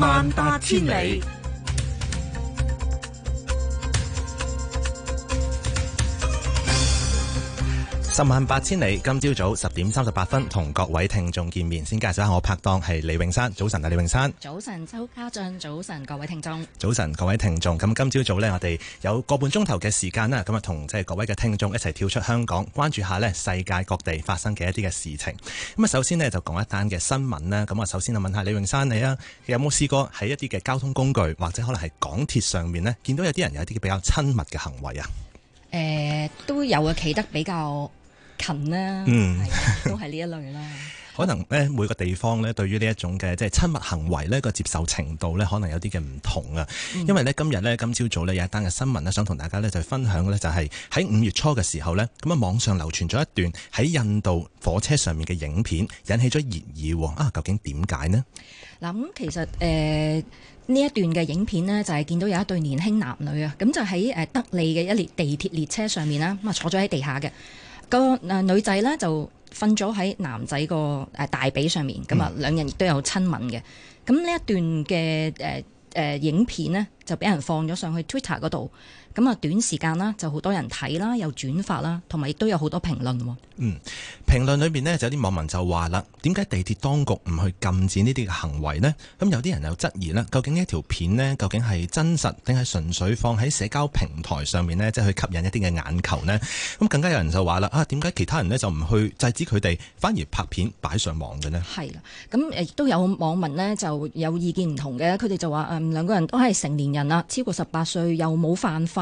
萬八千里。十萬八千里，今朝早十點三十八分同各位聽眾見面，先介紹下我拍檔係李永山。早晨啊，李永山。早晨，周家俊。早晨，各位聽眾。早晨，各位聽眾。咁今朝早呢，我哋有個半鐘頭嘅時間啦，咁啊同即係各位嘅聽眾一齊跳出香港，關注下呢世界各地發生嘅一啲嘅事情。咁啊，首先呢，就講一單嘅新聞啦。咁啊，首先就我首先問，問下李永山你啊，有冇試過喺一啲嘅交通工具或者可能係港鐵上面呢，見到有啲人有一啲比較親密嘅行為啊？誒、呃，都有啊，企得比較。近咧、啊，嗯，是都係呢一類啦。 可能咧，每個地方咧，對於呢一種嘅即係親密行為咧，個接受程度咧，可能有啲嘅唔同啊、嗯。因為咧，今日呢，今朝早呢，有一單嘅新聞咧，想同大家咧就分享咧，就係喺五月初嘅時候呢，咁啊，網上流傳咗一段喺印度火車上面嘅影片，引起咗熱議啊。究竟點解呢？嗱，咁其實誒呢、呃、一段嘅影片呢，就係見到有一對年輕男女啊，咁就喺誒德利嘅一列地鐵列車上面啦，咁啊坐咗喺地下嘅。嗰個嗱女仔咧就瞓咗喺男仔個誒大髀上面，咁啊兩人亦都有親吻嘅。咁呢一段嘅誒誒影片咧就俾人放咗上去 Twitter 嗰度。咁啊，短時間啦，就好多人睇啦，又轉發啦，同埋亦都有好多評論。嗯，評論裏邊咧，就有啲網民就話啦：點解地鐵當局唔去禁止呢啲嘅行為咧？咁有啲人又質疑啦，究竟呢一條片咧，究竟係真實定係純粹放喺社交平台上面咧，即係去吸引一啲嘅眼球咧？咁更加有人就話啦：啊，點解其他人咧就唔去制止佢哋，反而拍片擺上網嘅咧？係啦，咁亦都有網民咧就有意見唔同嘅，佢哋就話誒兩個人都係成年人啦，超過十八歲又冇犯法。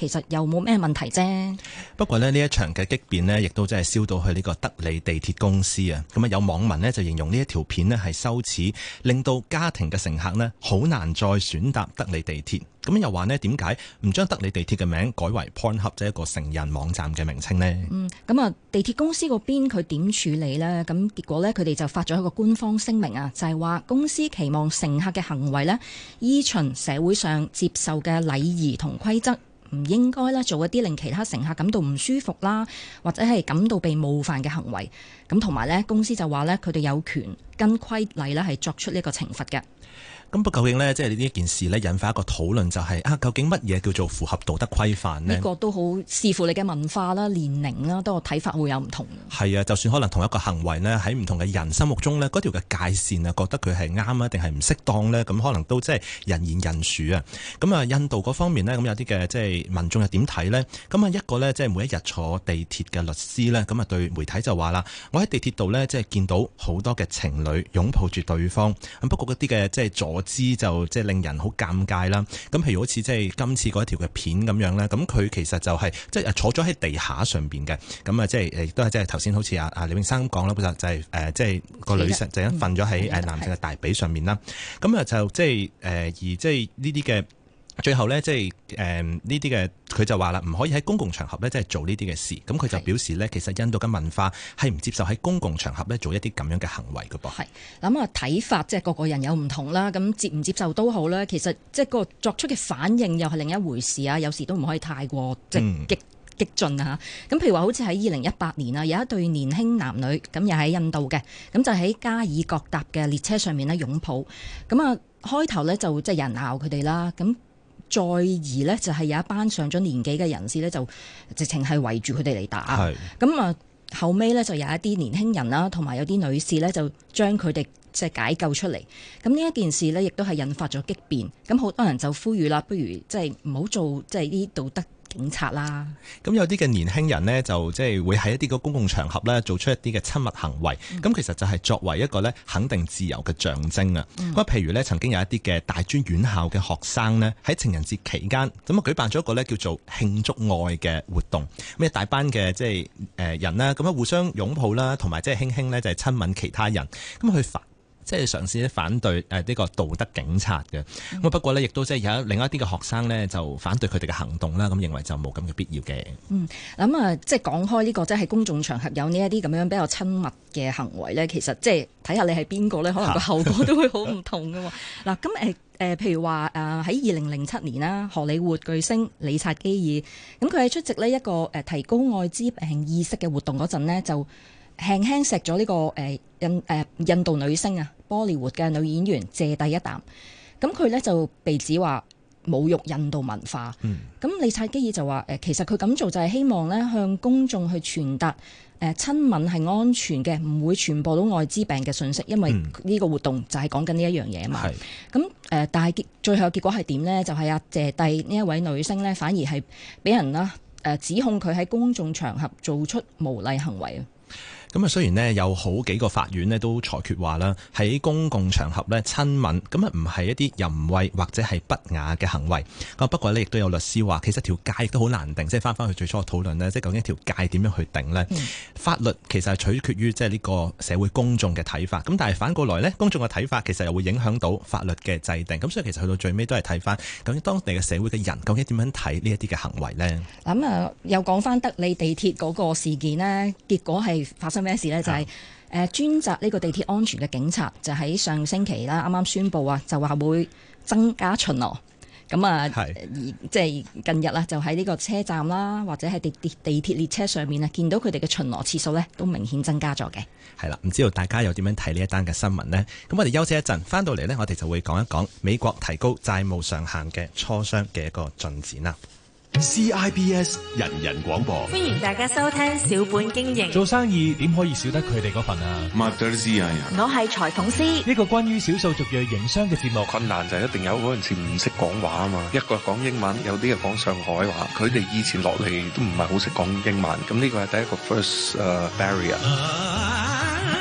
其實又冇咩問題啫。不過呢，呢一場嘅激辯呢，亦都真係燒到去呢個德里地鐵公司啊。咁、嗯、啊，有網民呢，就形容呢一條片呢係羞恥，令到家庭嘅乘客呢好難再選搭德里地鐵。咁又話呢，點解唔將德里地鐵嘅名改為 pornhub 即係一個成人網站嘅名稱呢？嗯，咁、嗯、啊、嗯，地鐵公司嗰邊佢點處理呢？咁結果呢，佢哋就發咗一個官方聲明啊，就係、是、話公司期望乘客嘅行為呢，依循社會上接受嘅禮儀同規則。唔應該咧做一啲令其他乘客感到唔舒服啦，或者係感到被冒犯嘅行為。咁同埋咧，公司就話呢，佢哋有權跟規例咧係作出呢一個懲罰嘅。咁不究竟呢？即係呢一件事呢，引發一個討論，就係啊，究竟乜嘢叫做符合道德規範呢？呢個都好視乎你嘅文化啦、年齡啦，都有睇法會有唔同。係啊，就算可能同一個行為呢，喺唔同嘅人心目中呢，嗰條嘅界線啊，覺得佢係啱啊，定係唔適當呢，咁可能都即係人言人殊啊。咁啊，印度嗰方面呢，咁有啲嘅即係民眾又點睇呢？咁啊，一個呢，即係每一日坐地鐵嘅律師呢，咁啊，對媒體就話啦，我喺地鐵度呢，即係見到好多嘅情侶擁抱住對方。咁不過嗰啲嘅即係知就即係令人好尷尬啦，咁譬如好似即係今次嗰條嘅片咁樣咧，咁佢其實就係即係坐咗喺地下上邊嘅，咁啊即係誒亦都係即係頭先好似阿阿李永生咁講啦，佢就係誒即係個女性就咁瞓咗喺誒男性嘅大髀上面啦，咁啊就即係誒而即係呢啲嘅。最後呢，即係誒呢啲嘅佢就話啦，唔可以喺公共場合呢，即係做呢啲嘅事。咁佢就表示呢，其實印度嘅文化係唔接受喺公共場合呢做一啲咁樣嘅行為嘅噃。係，咁啊睇法即係個個人有唔同啦。咁接唔接受都好啦。其實即係個作出嘅反應又係另一回事啊。有時都唔可以太過即激、嗯、激進啊。咁譬如話好似喺二零一八年啊，有一對年輕男女咁又喺印度嘅，咁就喺加爾各答嘅列車上面呢擁抱。咁啊，開頭呢就即係人鬧佢哋啦。咁再而呢，就係有一班上咗年紀嘅人士呢，就直情係圍住佢哋嚟打。咁啊，後尾呢，就有一啲年輕人啦，同埋有啲女士呢，就將佢哋即係解救出嚟。咁呢一件事呢，亦都係引發咗激辯。咁好多人就呼籲啦，不如即係唔好做，即係呢啲道德。警察啦，咁有啲嘅年輕人呢，就即係會喺一啲個公共場合咧，做出一啲嘅親密行為，咁、嗯、其實就係作為一個咧肯定自由嘅象徵啊。咁、嗯、譬如咧，曾經有一啲嘅大專院校嘅學生呢，喺情人節期間，咁啊舉辦咗一個咧叫做慶祝愛嘅活動，咁一大班嘅即係誒人啦，咁啊互相擁抱啦，同埋即係輕輕咧就係親吻其他人，咁去罰。即係嘗試啲反對誒呢、啊這個道德警察嘅咁。嗯、不過咧，亦都即係有一另一啲嘅學生咧，就反對佢哋嘅行動啦。咁、啊、認為就冇咁嘅必要嘅。嗯，咁啊，即係講開呢、這個，即係公眾場合有呢一啲咁樣比較親密嘅行為咧，其實即係睇下你係邊個咧，可能個後果都會好唔同嘅。嗱、 啊，咁誒誒，譬如話誒喺二零零七年啦，荷里活巨星理察基爾咁，佢、啊、喺出席呢一個誒提高艾滋病意識嘅活動嗰陣咧，就輕輕錫咗呢個誒、啊、印誒、啊、印度女星啊。玻璃活嘅女演員謝帝一啖，咁佢咧就被指話侮辱印度文化。咁、嗯、李察基爾就話：誒，其實佢咁做就係希望咧向公眾去傳達誒親吻係安全嘅，唔會傳播到艾滋病嘅信息，因為呢個活動就係講緊呢一樣嘢嘛。咁、嗯、誒，但係結最後結果係點咧？就係、是、阿謝帝呢一位女星咧，反而係俾人啦誒指控佢喺公眾場合做出無禮行為啊！咁啊，雖然呢有好幾個法院呢都裁決話啦，喺公共場合呢親吻，咁啊唔係一啲淫穢或者係不雅嘅行為。咁不過呢，亦都有律師話，其實條界亦都好難定。即係翻翻去最初嘅討論呢，即係究竟條界點樣去定呢？法律其實係取決於即係呢個社會公眾嘅睇法。咁但係反過來呢，公眾嘅睇法其實又會影響到法律嘅制定。咁所以其實去到最尾都係睇翻究竟當地嘅社會嘅人究竟點樣睇呢一啲嘅行為呢。咁啊，又講翻德里地鐵嗰個事件呢，結果係發生。咩事咧？就係、是、誒專責呢個地鐵安全嘅警察，就喺上星期啦，啱啱宣布啊，就話會增加巡邏。咁啊，而即係近日啦，就喺呢個車站啦，或者係地鐵地鐵列車上面啊，見到佢哋嘅巡邏次數呢，都明顯增加咗嘅。係啦，唔知道大家有點樣睇呢一單嘅新聞呢？咁我哋休息一陣，翻到嚟呢，我哋就會講一講美國提高債務上限嘅磋商嘅一個進展啦。CIBS 人人廣播，歡迎大家收聽小本經營。做生意點可以少得佢哋嗰份啊？我係財鳳師。呢、這個關於少數族裔營商嘅節目，困難就一定有，嗰陣時唔識講話啊嘛。一個講英文，有啲係講上海話。佢哋以前落嚟都唔係好識講英文，咁呢個係第一個 first barrier、uh,。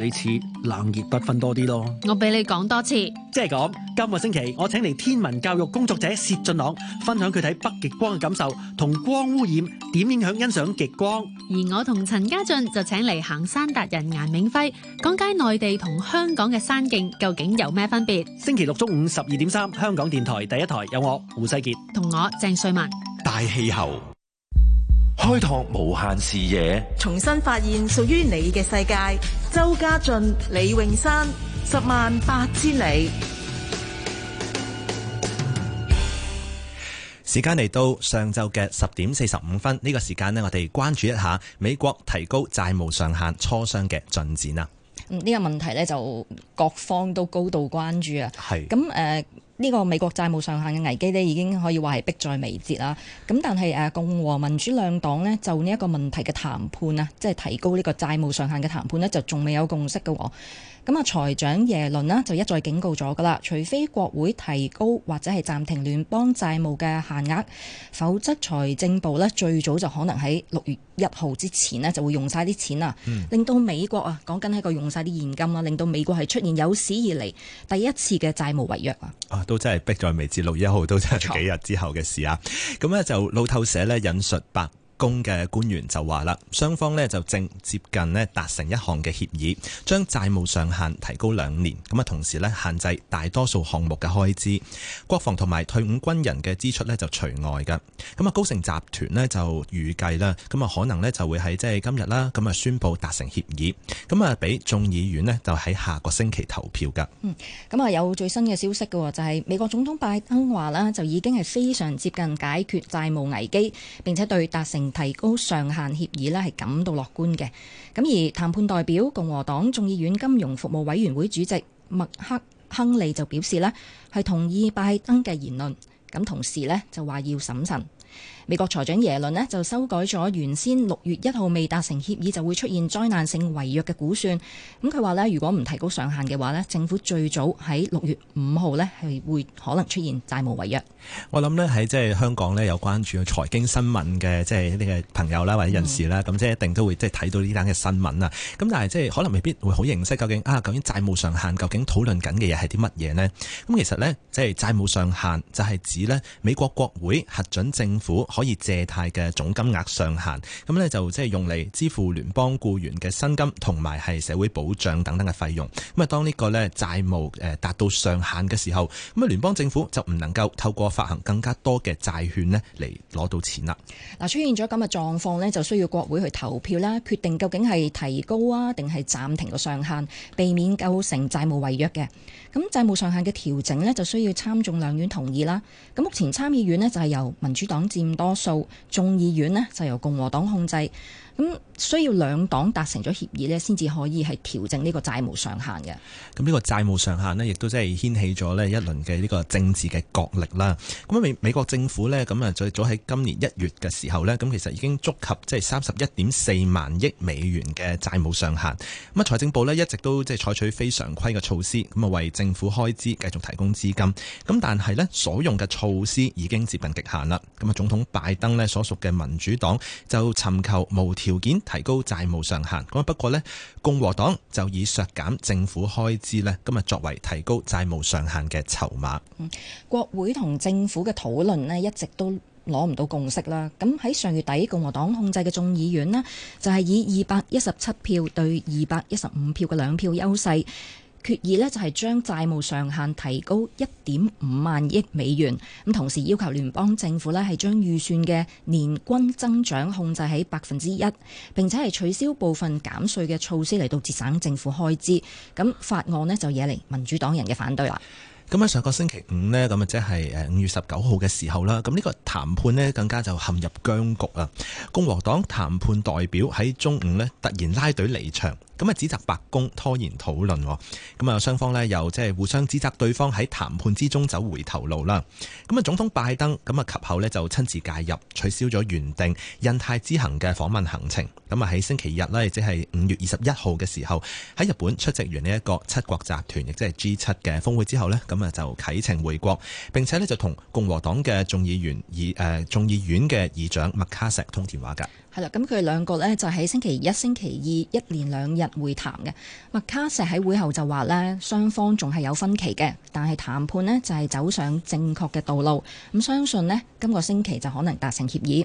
你似冷熱不分多啲咯，我俾你講多次，即係講今個星期我請嚟天文教育工作者薛俊朗分享佢睇北極光嘅感受同光污染點影響欣賞極光，而我同陳家俊就請嚟行山達人顏銘輝講解內地同香港嘅山徑究竟有咩分別。星期六中午十二點三，香港電台第一台有我胡世杰同我鄭瑞文。大氣候。開拓無限視野，重新發現屬於你嘅世界。周家俊、李永山，十萬八千里。時間嚟到上晝嘅十點四十五分，呢個時間呢，我哋關注一下美國提高債務上限磋商嘅進展啦。嗯，呢個問題呢，就各方都高度關注啊。係咁誒。呢個美國債務上限嘅危機咧，已經可以話係迫在眉睫啦。咁但係誒，共和民主兩黨呢，就呢一個問題嘅談判啊，即係提高呢個債務上限嘅談判呢就仲未有共識嘅喎。咁啊，財長耶倫啦就一再警告咗㗎喇，除非國會提高或者係暫停聯邦債務嘅限額，否則財政部呢，最早就可能喺六月一號之前呢，就會用晒啲錢啊、嗯，令到美國啊講緊係個用晒啲現金啦令到美國係出現有史以嚟第一次嘅債務違約啊！啊，都真係逼在未至六月一號，都真係幾日之後嘅事啊！咁呢，就路透社呢引述白。公嘅官員就話啦，雙方呢就正接近呢達成一項嘅協議，將債務上限提高兩年，咁啊同時呢限制大多數項目嘅開支，國防同埋退伍軍人嘅支出呢就除外㗎。咁啊高盛集團呢就預計啦，咁啊可能呢就會喺即係今日啦，咁啊宣佈達成協議，咁啊俾眾議院呢就喺下個星期投票噶。嗯，咁啊有最新嘅消息嘅喎，就係、是、美國總統拜登話啦，就已經係非常接近解決債務危機，並且對達成。提高上限協議呢係感到樂觀嘅。咁而談判代表共和黨眾議院金融服務委員會主席麥克亨利就表示呢係同意拜登嘅言論。咁同時呢，就話要審慎。美國財長耶倫咧就修改咗原先六月一號未達成協議就會出現災難性違約嘅估算。咁佢話咧，如果唔提高上限嘅話咧，政府最早喺六月五號咧係會可能出現債務違約。我諗咧喺即係香港咧有關注財經新聞嘅即係呢個朋友啦或者人士啦，咁即係一定都會即係睇到呢單嘅新聞啊。咁但係即係可能未必會好認識究竟啊究竟債務上限究竟討論緊嘅嘢係啲乜嘢咧？咁其實咧即係債務上限就係指咧美國國會核准政府。可以借貸嘅總金額上限，咁咧就即係用嚟支付聯邦雇員嘅薪金同埋係社會保障等等嘅費用。咁啊，當呢個咧債務誒達到上限嘅時候，咁啊聯邦政府就唔能夠透過發行更加多嘅債券咧嚟攞到錢啦。嗱，出現咗咁嘅狀況咧，就需要國會去投票啦，決定究竟係提高啊定係暫停個上限，避免構成債務違約嘅。咁債務上限嘅調整呢，就需要參眾兩院同意啦。咁目前參議院呢，就係由民主黨佔多。多數眾議院呢，就由共和黨控制。咁需要兩黨達成咗協議呢，先至可以係調整呢個債務上限嘅。咁呢個債務上限呢，亦都真係掀起咗呢一輪嘅呢個政治嘅角力啦。咁啊美美國政府呢，咁啊最早喺今年一月嘅時候呢，咁其實已經觸及即係三十一點四萬億美元嘅債務上限。咁啊財政部呢，一直都即係採取非常規嘅措施，咁啊為政府開支繼續提供資金。咁但係呢，所用嘅措施已經接近極限啦。咁啊總統拜登呢，所屬嘅民主黨就尋求無條條件提高債務上限咁啊，不過呢，共和黨就以削減政府開支呢今日作為提高債務上限嘅籌碼。國會同政府嘅討論呢，一直都攞唔到共識啦。咁喺上月底共和黨控制嘅眾議院呢，就係以二百一十七票對二百一十五票嘅兩票優勢。決議咧就係將債務上限提高一點五萬億美元，咁同時要求聯邦政府咧係將預算嘅年均增長控制喺百分之一，並且係取消部分減稅嘅措施嚟到節省政府開支。咁法案咧就惹嚟民主黨人嘅反對喇！咁喺上個星期五呢，咁啊即係誒五月十九號嘅時候啦，咁呢個談判呢，更加就陷入僵局啦！共和黨談判代表喺中午呢突然拉隊離場，咁啊指責白宮拖延討論，咁啊雙方呢，又即係互相指責對方喺談判之中走回頭路啦。咁啊總統拜登咁啊及後呢就親自介入，取消咗原定印太之行嘅訪問行程。咁啊喺星期日呢，即係五月二十一號嘅時候喺日本出席完呢一個七國集團亦即係 G 七嘅峰會之後呢。咁啊就啟程回國，並且呢，就同共和黨嘅眾議員，議誒眾、呃、議院嘅議長麥卡錫通電話噶。係啦，咁佢哋兩個呢，就喺星期一、星期二一連兩日會談嘅。麥卡錫喺會後就話呢，雙方仲係有分歧嘅，但係談判呢，就係走上正確嘅道路。咁相信呢，今個星期就可能達成協議。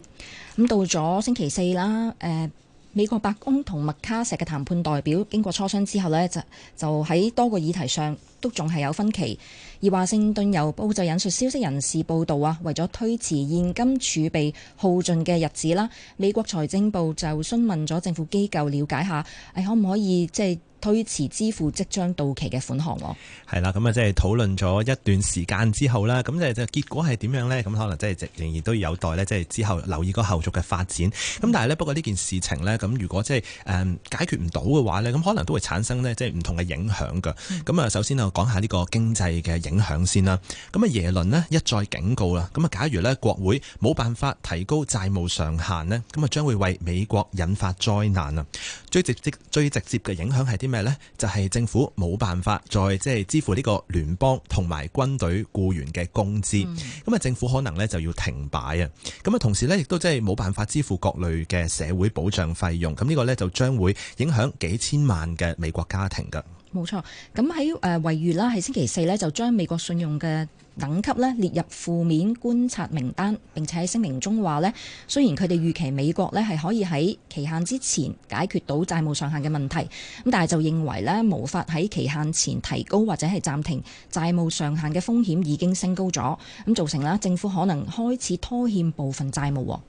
咁到咗星期四啦，誒、呃。美國白宮同麥卡錫嘅談判代表經過磋商之後呢，就就喺多個議題上都仲係有分歧。而華盛頓郵報就引述消息人士報道啊，為咗推遲現金儲備耗盡嘅日子啦，美國財政部就詢問咗政府機構，了解一下誒可唔可以即係。推遲支付即將到期嘅款項喎，係啦，咁啊，即係討論咗一段時間之後啦，咁即係結果係點樣呢？咁可能即係仍然都有待呢，即係之後留意個後續嘅發展。咁但係呢，不過呢件事情呢，咁如果即係誒解決唔到嘅話呢，咁可能都會產生呢，即係唔同嘅影響㗎。咁、嗯、啊，首先我講下呢個經濟嘅影響先啦。咁啊，耶倫呢，一再警告啦，咁啊，假如呢，國會冇辦法提高債務上限呢，咁啊將會為美國引發災難啊！最直接最直接嘅影響係啲咩咧？就係、是、政府冇辦法再即係支付呢個聯邦同埋軍隊僱員嘅工資，咁啊政府可能咧就要停擺啊！咁啊同時咧亦都即係冇辦法支付各類嘅社會保障費用，咁、這、呢個咧就將會影響幾千萬嘅美國家庭噶。冇錯，咁喺誒，維如啦，係星期四咧就將美國信用嘅。等級咧列入負面觀察名單，並且喺聲明中話咧，雖然佢哋預期美國咧係可以喺期限之前解決到債務上限嘅問題，咁但係就認為咧無法喺期限前提高或者係暫停債務上限嘅風險已經升高咗，咁造成啦政府可能開始拖欠部分債務。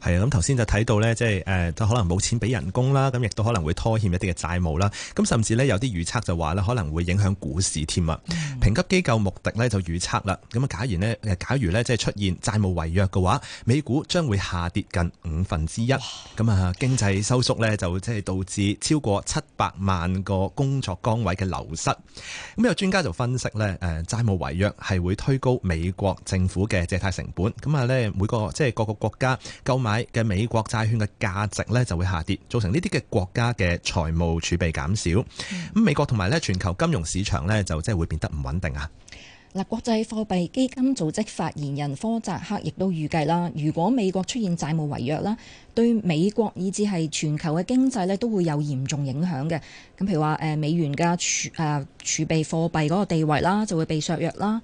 係啊，咁頭先就睇到呢，即係誒、呃，可能冇錢俾人工啦，咁亦都可能會拖欠一啲嘅債務啦，咁甚至呢，有啲預測就話呢可能會影響股市添啊、嗯。評級機構穆迪呢，就預測。嗱，咁啊，假如咧，誒，假如咧，即係出現債務違約嘅話，美股將會下跌近五分之一。咁啊，經濟收縮咧，就即係導致超過七百萬個工作崗位嘅流失。咁有專家就分析咧，誒，債務違約係會推高美國政府嘅借貸成本。咁啊咧，每個即係各個國家購買嘅美國債券嘅價值咧就會下跌，造成呢啲嘅國家嘅財務儲備減少。咁美國同埋咧，全球金融市場咧就即係會變得唔穩定啊！嗱，國際貨幣基金組織發言人科扎克亦都預計啦，如果美國出現債務違約啦，對美國以至係全球嘅經濟咧都會有嚴重影響嘅。咁，譬如話誒美元嘅儲誒、啊、儲備貨幣嗰個地位啦，就會被削弱啦。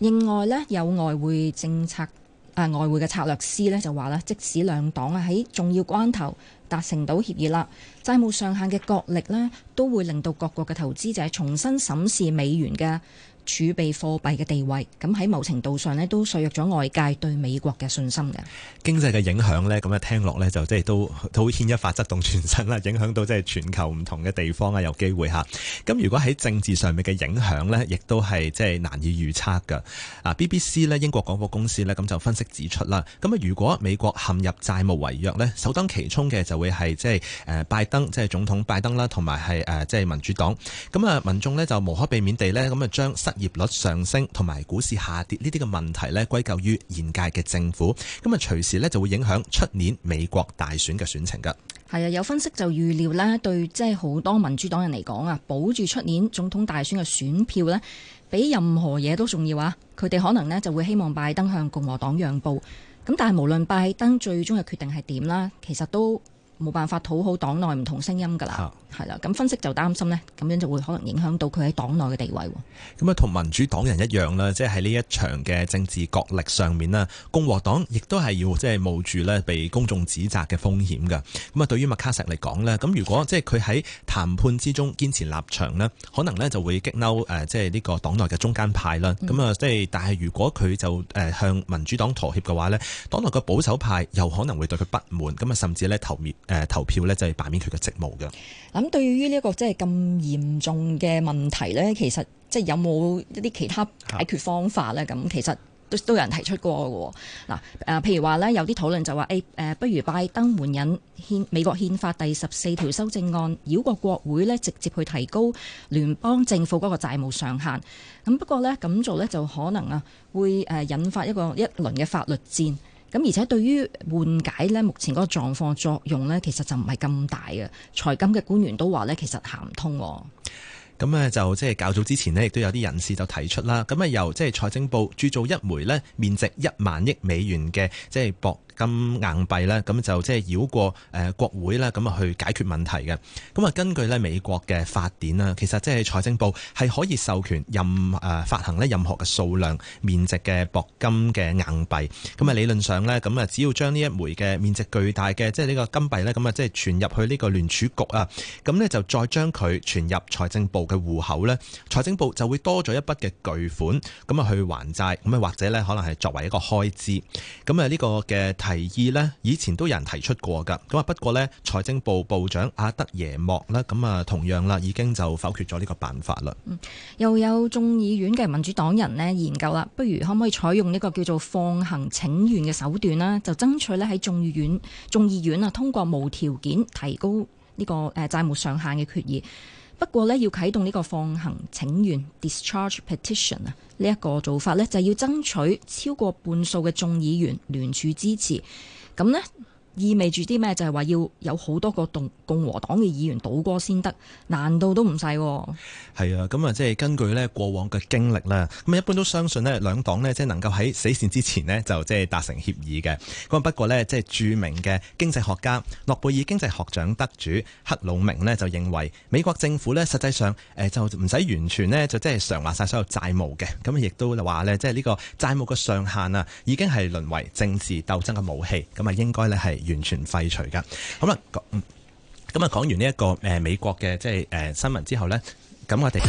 另外呢，有外匯政策誒、啊、外匯嘅策略師呢，就話啦，即使兩黨啊喺重要關頭達成到協議啦，債務上限嘅角力咧都會令到各國嘅投資者重新審視美元嘅儲備貨幣嘅地位，咁喺某程度上呢，都削弱咗外界對美國嘅信心嘅經濟嘅影響呢，咁咧聽落呢，就即係都都會牽一髮則動全身啦，影響到即係全球唔同嘅地方啊，有機會吓。咁如果喺政治上面嘅影響呢，亦都係即係難以預測噶。啊，BBC 呢，英國廣播公司呢，咁就分析指出啦，咁啊如果美國陷入債務違約呢，首當其衝嘅就會係即係誒拜登即係總統拜登啦，同埋係誒即係民主黨。咁啊民眾呢就無可避免地呢，咁啊將失。業率上升同埋股市下跌呢啲嘅問題咧，歸咎於現屆嘅政府，咁啊隨時呢就會影響出年美國大選嘅選情噶。係啊，有分析就預料咧，對即係好多民主黨人嚟講啊，保住出年總統大選嘅選票呢，比任何嘢都重要啊！佢哋可能呢就會希望拜登向共和黨讓步。咁但係無論拜登最終嘅決定係點啦，其實都冇辦法討好黨內唔同聲音噶啦。啊係啦，咁分析就擔心呢，咁樣就會可能影響到佢喺黨內嘅地位。咁啊，同民主黨人一樣啦，即係喺呢一場嘅政治角力上面啦，共和黨亦都係要即係冒住呢被公眾指責嘅風險㗎。咁啊，對於麥卡錫嚟講呢，咁如果即係佢喺談判之中堅持立場呢，可能呢就會激嬲誒，即係呢個黨內嘅中間派啦。咁啊，即係但係如果佢就誒向民主黨妥協嘅話呢，黨內嘅保守派又可能會對佢不滿，咁啊甚至呢投滅誒投票呢，就係罷免佢嘅職務嘅。咁對於呢個即係咁嚴重嘅問題呢，其實即係有冇一啲其他解決方法呢？咁其實都都有人提出過嘅。嗱，誒，譬如話呢，有啲討論就話誒、哎、不如拜登援引美國憲法第十四條修正案，繞過國會呢直接去提高聯邦政府嗰個債務上限。咁不過呢，咁做呢就可能啊，會誒引發一個一輪嘅法律戰。咁而且對於緩解咧，目前嗰個狀況作用咧，其實就唔係咁大嘅。財金嘅官員都話咧，其實行唔通。咁咧就即係較早之前呢，亦都有啲人士就提出啦。咁啊，由即係財政部鑄造一枚呢，面值一萬億美元嘅即係博金硬幣咧，咁就即係繞過誒國會咧，咁啊去解決問題嘅。咁啊，根據咧美國嘅法典啦，其實即係財政部係可以授權任誒發行咧任何嘅數量面值嘅鉑金嘅硬幣。咁啊，理論上咧，咁啊只要將呢一枚嘅面值巨大嘅，即係呢個金幣咧，咁啊即係存入去呢個聯儲局啊，咁咧就再將佢存入財政部嘅戶口咧，財政部就會多咗一筆嘅巨款，咁啊去還債，咁啊或者咧可能係作為一個開支。咁啊呢個嘅。提議咧，以前都有人提出過噶。咁啊，不過咧，財政部部長阿德耶莫咧，咁啊，同樣啦，已經就否決咗呢個辦法啦，嗯。又有眾議院嘅民主黨人咧研究啦，不如可唔可以採用呢個叫做放行請願嘅手段呢，就爭取咧喺眾議院、眾議院啊通過無條件提高呢個誒債務上限嘅決議。不過咧，要啟動呢個放行請願 （discharge petition）。呢一個做法咧，就要爭取超過半數嘅眾議員聯署支持，咁咧。意味住啲咩？就係話要有好多個共共和黨嘅議員賭過先得，難度都唔細。係啊，咁啊，即係根據呢過往嘅經歷啦，咁啊，一般都相信呢兩黨呢，即係能夠喺死線之前呢，就即係達成協議嘅。咁啊不過呢，即係著名嘅經濟學家諾貝爾經濟學獎得主克魯明呢，就認為美國政府呢，實際上誒就唔使完全呢，就即係償還晒所有債務嘅。咁亦都話呢，即係呢個債務嘅上限啊已經係淪為政治鬥爭嘅武器。咁啊應該呢係，完全廢除㗎，好啦，咁啊講完呢、這、一個誒、呃、美國嘅即係誒新聞之後咧，咁我哋。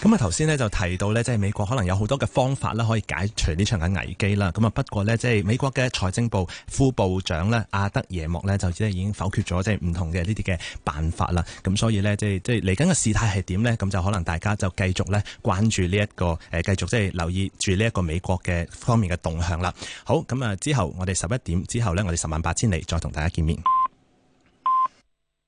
咁啊，頭先呢就提到呢，即係美國可能有好多嘅方法啦，可以解除呢場嘅危機啦。咁啊，不過呢，即係美國嘅財政部副部長呢，阿德耶莫呢，就即係已經否決咗，即係唔同嘅呢啲嘅辦法啦。咁所以呢，即係即係嚟緊嘅事態係點呢？咁就可能大家就繼續呢，關注呢一個誒，繼續即係留意住呢一個美國嘅方面嘅動向啦。好，咁啊，之後我哋十一點之後呢，我哋十萬八千里再同大家見面。